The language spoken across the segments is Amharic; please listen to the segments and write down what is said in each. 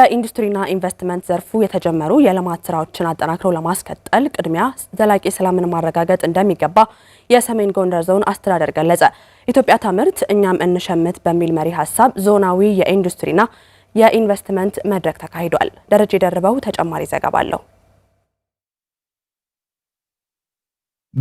በኢንዱስትሪና ኢንቨስትመንት ዘርፉ የተጀመሩ የልማት ስራዎችን አጠናክረው ለማስቀጠል ቅድሚያ ዘላቂ ሰላምን ማረጋገጥ እንደሚገባ የሰሜን ጎንደር ዞን አስተዳደር ገለጸ። ኢትዮጵያ ታምርት እኛም እንሸምት በሚል መሪ ሀሳብ ዞናዊ የኢንዱስትሪና የኢንቨስትመንት መድረክ ተካሂዷል። ደረጀ ደርበው ተጨማሪ ዘገባ አለው።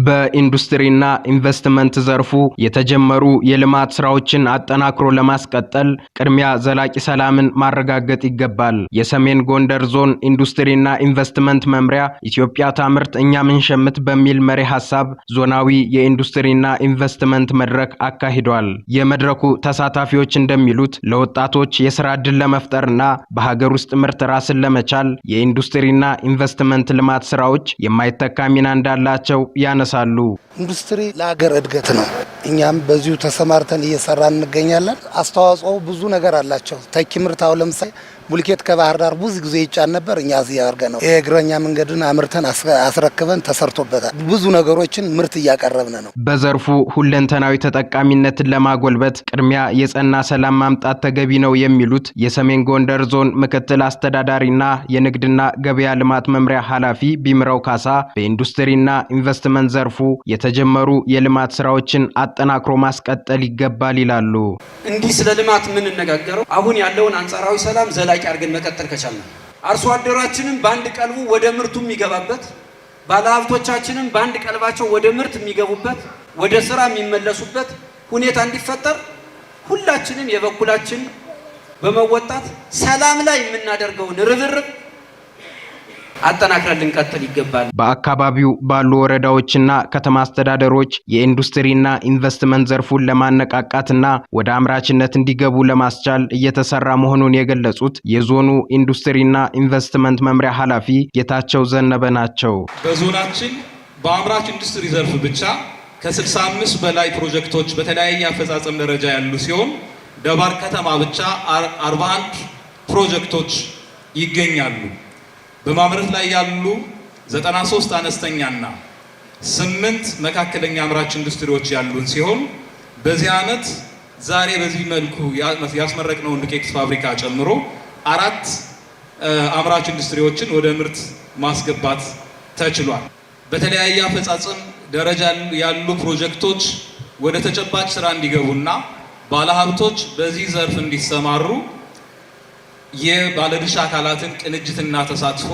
በኢንዱስትሪና ኢንቨስትመንት ዘርፉ የተጀመሩ የልማት ስራዎችን አጠናክሮ ለማስቀጠል ቅድሚያ ዘላቂ ሰላምን ማረጋገጥ ይገባል። የሰሜን ጎንደር ዞን ኢንዱስትሪና ኢንቨስትመንት መምሪያ ኢትዮጵያ ታምርት እኛም እንሸምት በሚል መሪ ሀሳብ ዞናዊ የኢንዱስትሪና ኢንቨስትመንት መድረክ አካሂዷል። የመድረኩ ተሳታፊዎች እንደሚሉት ለወጣቶች የስራ ዕድል ለመፍጠርና በሀገር ውስጥ ምርት ራስን ለመቻል የኢንዱስትሪና ኢንቨስትመንት ልማት ስራዎች የማይተካ ሚና እንዳላቸው ያ ያነሳሉ። ኢንዱስትሪ ለሀገር እድገት ነው። እኛም በዚሁ ተሰማርተን እየሰራን እንገኛለን። አስተዋጽኦ ብዙ ነገር አላቸው። ተኪ ምርት አሁን ለምሳሌ ቡልኬት ከባህር ዳር ብዙ ጊዜ ይጫን ነበር። እኛ እዚህ ያርገ ነው ይህ እግረኛ መንገድን አምርተን አስረክበን ተሰርቶበታል። ብዙ ነገሮችን ምርት እያቀረብን ነው። በዘርፉ ሁለንተናዊ ተጠቃሚነትን ለማጎልበት ቅድሚያ የጸና ሰላም ማምጣት ተገቢ ነው የሚሉት የሰሜን ጎንደር ዞን ምክትል አስተዳዳሪና የንግድና ገበያ ልማት መምሪያ ኃላፊ ቢምረው ካሳ በኢንዱስትሪና ኢንቨስትመንት ዘርፉ የተጀመሩ የልማት ስራዎችን አጠናክሮ ማስቀጠል ይገባል ይላሉ። እንዲህ ስለ ልማት የምንነጋገረው አሁን ያለውን አንጻራዊ ሰላም ዘላ ጥያቄ አድርገን መቀጠል ከቻልን አርሶ አደራችንም በአንድ ቀልቡ ወደ ምርቱ የሚገባበት፣ ባለሀብቶቻችንም በአንድ ቀልባቸው ወደ ምርት የሚገቡበት፣ ወደ ስራ የሚመለሱበት ሁኔታ እንዲፈጠር ሁላችንም የበኩላችን በመወጣት ሰላም ላይ የምናደርገውን ርብርብ አጠናክረን ልንቀጥል ይገባል። በአካባቢው ባሉ ወረዳዎችና ከተማ አስተዳደሮች የኢንዱስትሪና ኢንቨስትመንት ዘርፉን ለማነቃቃትና ወደ አምራችነት እንዲገቡ ለማስቻል እየተሰራ መሆኑን የገለጹት የዞኑ ኢንዱስትሪና ኢንቨስትመንት መምሪያ ኃላፊ ጌታቸው ዘነበ ናቸው። በዞናችን በአምራች ኢንዱስትሪ ዘርፍ ብቻ ከ65 በላይ ፕሮጀክቶች በተለያየ አፈጻጸም ደረጃ ያሉ ሲሆን ደባር ከተማ ብቻ 41 ፕሮጀክቶች ይገኛሉ። በማምረት ላይ ያሉ 93 አነስተኛና ስምንት መካከለኛ አምራች ኢንዱስትሪዎች ያሉን ሲሆን በዚህ ዓመት ዛሬ በዚህ መልኩ ያስመረቅነውን ዱቄት ፋብሪካ ጨምሮ አራት አምራች ኢንዱስትሪዎችን ወደ ምርት ማስገባት ተችሏል። በተለያየ አፈጻጸም ደረጃ ያሉ ፕሮጀክቶች ወደ ተጨባጭ ስራ እንዲገቡና ባለሀብቶች በዚህ ዘርፍ እንዲሰማሩ የባለድርሻ አካላትን ቅንጅትና ተሳትፎ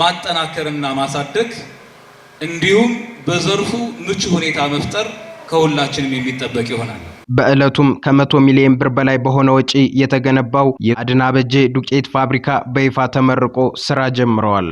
ማጠናከርና ማሳደግ እንዲሁም በዘርፉ ምቹ ሁኔታ መፍጠር ከሁላችንም የሚጠበቅ ይሆናል። በዕለቱም ከመቶ ሚሊዮን ብር በላይ በሆነ ወጪ የተገነባው የአድናበጄ ዱቄት ፋብሪካ በይፋ ተመርቆ ስራ ጀምረዋል።